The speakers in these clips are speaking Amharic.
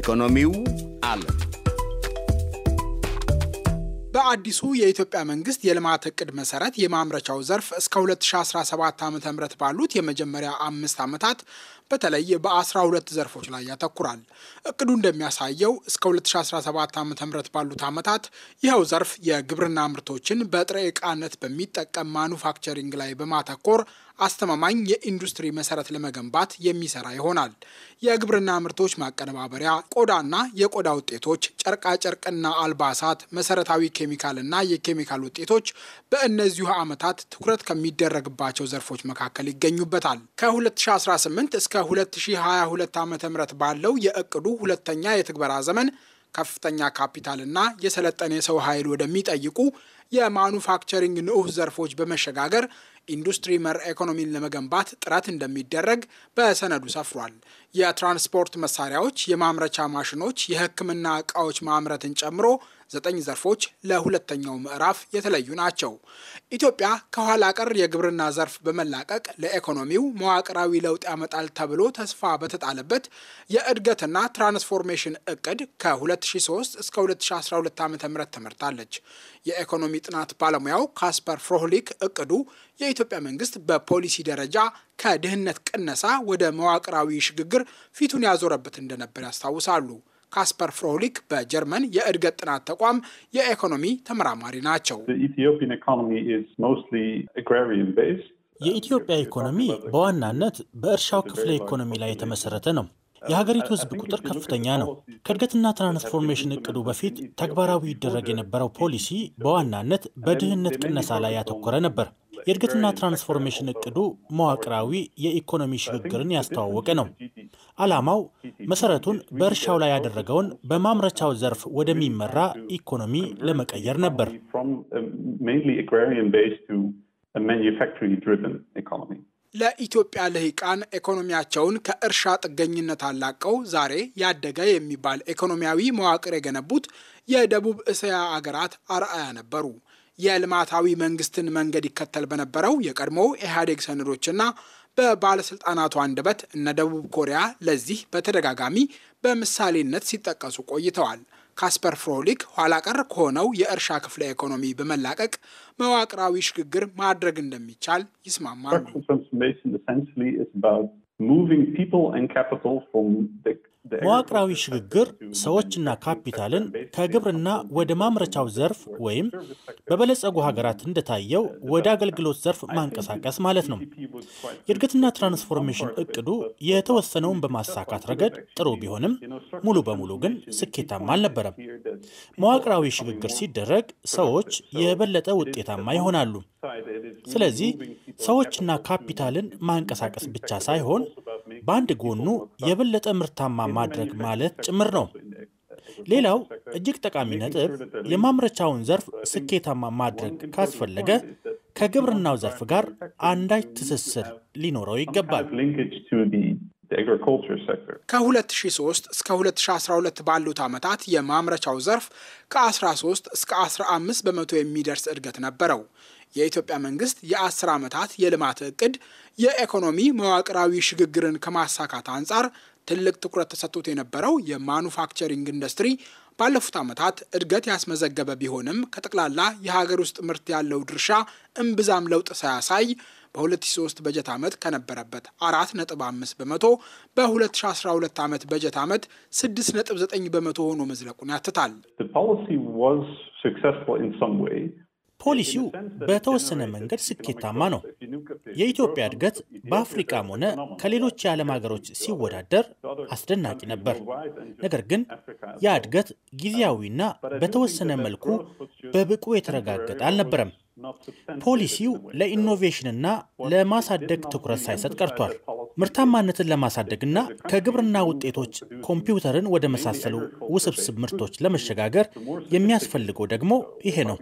ኢኮኖሚው አለ። በአዲሱ የኢትዮጵያ መንግስት የልማት እቅድ መሰረት የማምረቻው ዘርፍ እስከ 2017 ዓ ም ባሉት የመጀመሪያ አምስት ዓመታት በተለይ በ12 ዘርፎች ላይ ያተኩራል። እቅዱ እንደሚያሳየው እስከ 2017 ዓ ም ባሉት ዓመታት ይኸው ዘርፍ የግብርና ምርቶችን በጥሬ ዕቃነት በሚጠቀም ማኑፋክቸሪንግ ላይ በማተኮር አስተማማኝ የኢንዱስትሪ መሰረት ለመገንባት የሚሰራ ይሆናል። የግብርና ምርቶች ማቀነባበሪያ፣ ቆዳና የቆዳ ውጤቶች፣ ጨርቃጨርቅና አልባሳት፣ መሰረታዊ ኬሚካልና የኬሚካል ውጤቶች በእነዚሁ ዓመታት ትኩረት ከሚደረግባቸው ዘርፎች መካከል ይገኙበታል። ከ2018 እስከ 2022 ዓ ም ባለው የእቅዱ ሁለተኛ የትግበራ ዘመን ከፍተኛ ካፒታልና የሰለጠነ የሰው ኃይል ወደሚጠይቁ የማኑፋክቸሪንግ ንዑስ ዘርፎች በመሸጋገር ኢንዱስትሪ መር ኢኮኖሚን ለመገንባት ጥረት እንደሚደረግ በሰነዱ ሰፍሯል። የትራንስፖርት መሳሪያዎች፣ የማምረቻ ማሽኖች፣ የሕክምና እቃዎች ማምረትን ጨምሮ ዘጠኝ ዘርፎች ለሁለተኛው ምዕራፍ የተለዩ ናቸው። ኢትዮጵያ ከኋላ ቀር የግብርና ዘርፍ በመላቀቅ ለኢኮኖሚው መዋቅራዊ ለውጥ ያመጣል ተብሎ ተስፋ በተጣለበት የእድገትና ትራንስፎርሜሽን እቅድ ከ2003 እስከ 2012 ዓ ም ተመርታለች። የኢኮኖሚ ጥናት ባለሙያው ካስፐር ፍሮህሊክ እቅዱ የኢትዮጵያ መንግስት በፖሊሲ ደረጃ ከድህነት ቅነሳ ወደ መዋቅራዊ ሽግግር ፊቱን ያዞረበት እንደነበር ያስታውሳሉ። ካስፐር ፍሮሊክ በጀርመን የእድገት ጥናት ተቋም የኢኮኖሚ ተመራማሪ ናቸው። የኢትዮጵያ ኢኮኖሚ በዋናነት በእርሻው ክፍለ ኢኮኖሚ ላይ የተመሰረተ ነው። የሀገሪቱ ሕዝብ ቁጥር ከፍተኛ ነው። ከእድገትና ትራንስፎርሜሽን እቅዱ በፊት ተግባራዊ ይደረግ የነበረው ፖሊሲ በዋናነት በድህነት ቅነሳ ላይ ያተኮረ ነበር። የእድገትና ትራንስፎርሜሽን እቅዱ መዋቅራዊ የኢኮኖሚ ሽግግርን ያስተዋወቀ ነው። ዓላማው መሰረቱን በእርሻው ላይ ያደረገውን በማምረቻው ዘርፍ ወደሚመራ ኢኮኖሚ ለመቀየር ነበር። ለኢትዮጵያ ልሂቃን ኢኮኖሚያቸውን ከእርሻ ጥገኝነት አላቀው ዛሬ ያደገ የሚባል ኢኮኖሚያዊ መዋቅር የገነቡት የደቡብ እስያ አገራት አርአያ ነበሩ። የልማታዊ መንግስትን መንገድ ይከተል በነበረው የቀድሞ ኢህአዴግ ሰነዶችና በባለስልጣናቱ አንደበት እነ ደቡብ ኮሪያ ለዚህ በተደጋጋሚ በምሳሌነት ሲጠቀሱ ቆይተዋል። ካስፐር ፍሮሊክ ኋላ ቀር ከሆነው የእርሻ ክፍለ ኢኮኖሚ በመላቀቅ መዋቅራዊ ሽግግር ማድረግ እንደሚቻል ይስማማሉ። መዋቅራዊ ሽግግር ሰዎችና ካፒታልን ከግብርና ወደ ማምረቻው ዘርፍ ወይም በበለጸጉ ሀገራት እንደታየው ወደ አገልግሎት ዘርፍ ማንቀሳቀስ ማለት ነው። የእድገትና ትራንስፎርሜሽን እቅዱ የተወሰነውን በማሳካት ረገድ ጥሩ ቢሆንም ሙሉ በሙሉ ግን ስኬታማ አልነበረም። መዋቅራዊ ሽግግር ሲደረግ ሰዎች የበለጠ ውጤታማ ይሆናሉ። ስለዚህ ሰዎችና ካፒታልን ማንቀሳቀስ ብቻ ሳይሆን በአንድ ጎኑ የበለጠ ምርታማ ማድረግ ማለት ጭምር ነው። ሌላው እጅግ ጠቃሚ ነጥብ የማምረቻውን ዘርፍ ስኬታማ ማድረግ ካስፈለገ ከግብርናው ዘርፍ ጋር አንዳች ትስስር ሊኖረው ይገባል። ከ2003 እስከ 2012 ባሉት ዓመታት የማምረቻው ዘርፍ ከ13 እስከ 15 በመቶ የሚደርስ እድገት ነበረው። የኢትዮጵያ መንግስት የ10 ዓመታት የልማት እቅድ የኢኮኖሚ መዋቅራዊ ሽግግርን ከማሳካት አንጻር ትልቅ ትኩረት ተሰጥቶት የነበረው የማኑፋክቸሪንግ ኢንዱስትሪ ባለፉት ዓመታት እድገት ያስመዘገበ ቢሆንም ከጠቅላላ የሀገር ውስጥ ምርት ያለው ድርሻ እምብዛም ለውጥ ሳያሳይ በ2003 በጀት ዓመት ከነበረበት 4.5 በመቶ በ2012 ዓመት በጀት ዓመት 6.9 በመቶ ሆኖ መዝለቁን ያትታል። ፖሊሲው በተወሰነ መንገድ ስኬታማ ነው። የኢትዮጵያ እድገት በአፍሪካም ሆነ ከሌሎች የዓለም ሀገሮች ሲወዳደር አስደናቂ ነበር። ነገር ግን ያ እድገት ጊዜያዊና በተወሰነ መልኩ በብቁ የተረጋገጠ አልነበረም። ፖሊሲው ለኢኖቬሽንና ለማሳደግ ትኩረት ሳይሰጥ ቀርቷል። ምርታማነትን ለማሳደግና ከግብርና ውጤቶች ኮምፒውተርን ወደ መሳሰሉ ውስብስብ ምርቶች ለመሸጋገር የሚያስፈልገው ደግሞ ይሄ ነው።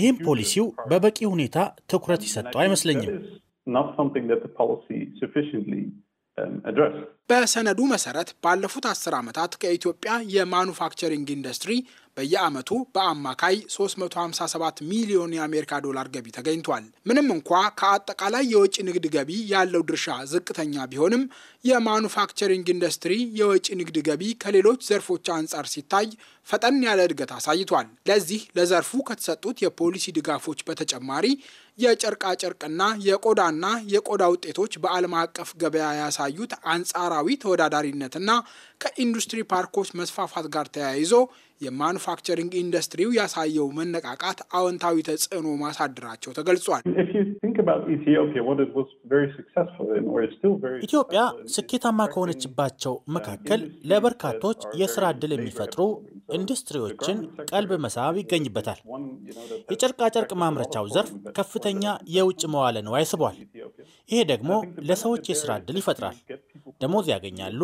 ይህም ፖሊሲው በበቂ ሁኔታ ትኩረት ይሰጠው አይመስለኝም። not something that the policy sufficiently um, በሰነዱ መሰረት ባለፉት አስር ዓመታት ከኢትዮጵያ የማኑፋክቸሪንግ ኢንዱስትሪ በየዓመቱ በአማካይ 357 ሚሊዮን የአሜሪካ ዶላር ገቢ ተገኝቷል። ምንም እንኳ ከአጠቃላይ የወጪ ንግድ ገቢ ያለው ድርሻ ዝቅተኛ ቢሆንም የማኑፋክቸሪንግ ኢንዱስትሪ የወጪ ንግድ ገቢ ከሌሎች ዘርፎች አንጻር ሲታይ ፈጠን ያለ እድገት አሳይቷል። ለዚህ ለዘርፉ ከተሰጡት የፖሊሲ ድጋፎች በተጨማሪ የጨርቃጨርቅና የቆዳና የቆዳ ውጤቶች በዓለም አቀፍ ገበያ ያሳዩት አንጻራዊ ተወዳዳሪነትና ከኢንዱስትሪ ፓርኮች መስፋፋት ጋር ተያይዞ የማኑፋክቸሪንግ ኢንዱስትሪው ያሳየው መነቃቃት አዎንታዊ ተጽዕኖ ማሳደራቸው ተገልጿል። ኢትዮጵያ ስኬታማ ከሆነችባቸው መካከል ለበርካቶች የስራ ዕድል የሚፈጥሩ ኢንዱስትሪዎችን ቀልብ መሳብ ይገኝበታል። የጨርቃጨርቅ ማምረቻው ዘርፍ ከፍተኛ የውጭ መዋለ ንዋይ ስቧል። ይሄ ደግሞ ለሰዎች የስራ ዕድል ይፈጥራል። ደሞዝ ያገኛሉ።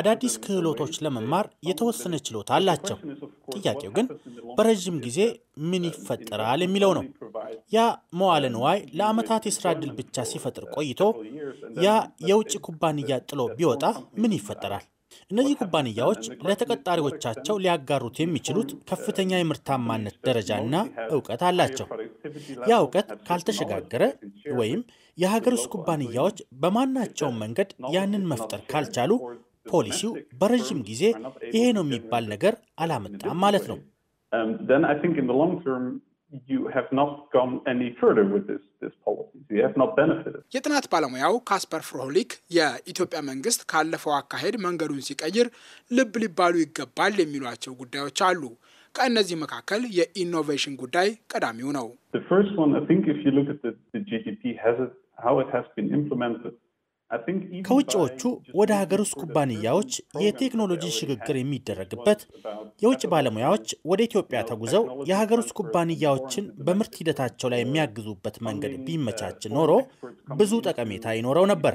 አዳዲስ ክህሎቶች ለመማር የተወሰነ ችሎታ አላቸው። ጥያቄው ግን በረዥም ጊዜ ምን ይፈጠራል የሚለው ነው። ያ መዋለ ንዋይ ለአመታት የስራ ዕድል ብቻ ሲፈጥር ቆይቶ ያ የውጭ ኩባንያ ጥሎ ቢወጣ ምን ይፈጠራል? እነዚህ ኩባንያዎች ለተቀጣሪዎቻቸው ሊያጋሩት የሚችሉት ከፍተኛ የምርታማነት ደረጃና እውቀት አላቸው። ያ እውቀት ካልተሸጋገረ ወይም የሀገር ውስጥ ኩባንያዎች በማናቸውም መንገድ ያንን መፍጠር ካልቻሉ ፖሊሲው በረዥም ጊዜ ይሄ ነው የሚባል ነገር አላመጣም ማለት ነው። you have not gone any further with this, this policy. You have not benefited. የጥናት ባለሙያው ካስፐር ፍሮሊክ የኢትዮጵያ መንግስት ካለፈው አካሄድ መንገዱን ሲቀይር ልብ ሊባሉ ይገባል የሚሏቸው ጉዳዮች አሉ። ከእነዚህ መካከል የኢኖቬሽን ጉዳይ ቀዳሚው ነው። The first one, I think if you look at the, the GDP, has it, how it has been implemented ከውጭዎቹ ወደ ሀገር ውስጥ ኩባንያዎች የቴክኖሎጂ ሽግግር የሚደረግበት የውጭ ባለሙያዎች ወደ ኢትዮጵያ ተጉዘው የሀገር ውስጥ ኩባንያዎችን በምርት ሂደታቸው ላይ የሚያግዙበት መንገድ ቢመቻች uh, ኖሮ ብዙ ጠቀሜታ ይኖረው ነበር።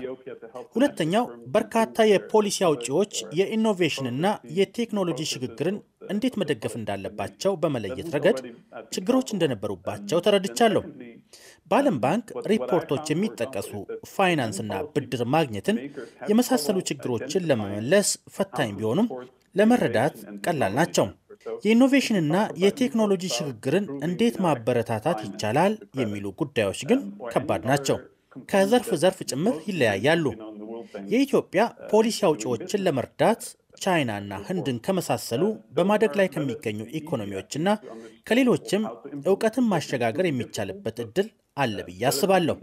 ሁለተኛው በርካታ የፖሊሲ አውጪዎች የኢኖቬሽንና የቴክኖሎጂ ሽግግርን እንዴት መደገፍ እንዳለባቸው በመለየት ረገድ uh, ችግሮች እንደነበሩባቸው ተረድቻለሁ። በዓለም ባንክ ሪፖርቶች የሚጠቀሱ ፋይናንስና ብድር ማግኘትን የመሳሰሉ ችግሮችን ለመመለስ ፈታኝ ቢሆኑም ለመረዳት ቀላል ናቸው። የኢኖቬሽንና የቴክኖሎጂ ሽግግርን እንዴት ማበረታታት ይቻላል የሚሉ ጉዳዮች ግን ከባድ ናቸው። ከዘርፍ ዘርፍ ጭምር ይለያያሉ። የኢትዮጵያ ፖሊሲ አውጪዎችን ለመርዳት ቻይናና ህንድን ከመሳሰሉ በማደግ ላይ ከሚገኙ ኢኮኖሚዎችና ከሌሎችም እውቀትን ማሸጋገር የሚቻልበት እድል አለ ብዬ አስባለሁ።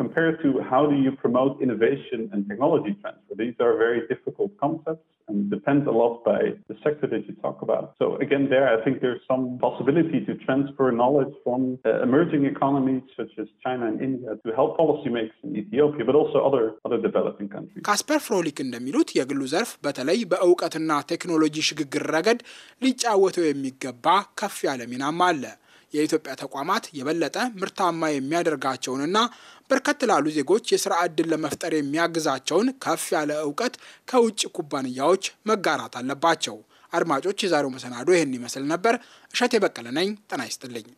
compared to how do you promote innovation and technology transfer. These are very difficult concepts. and depends a lot by the sector that you talk about. So again, there I think there's some possibility to transfer knowledge from uh, emerging economies such as China and India to help policymakers in Ethiopia, but also other other developing countries. ካስፐር ፍሮሊክ እንደሚሉት የግሉ ዘርፍ በተለይ በእውቀትና ቴክኖሎጂ ሽግግር ረገድ ሊጫወተው የሚገባ ከፍ ያለ ሚናም አለ። የኢትዮጵያ ተቋማት የበለጠ ምርታማ የሚያደርጋቸውንና በርከት ላሉ ዜጎች የስራ ዕድል ለመፍጠር የሚያግዛቸውን ከፍ ያለ እውቀት ከውጭ ኩባንያዎች መጋራት አለባቸው። አድማጮች፣ የዛሬው መሰናዶ ይህን ይመስል ነበር። እሸት የበቀለ ነኝ። ጤና ይስጥልኝ።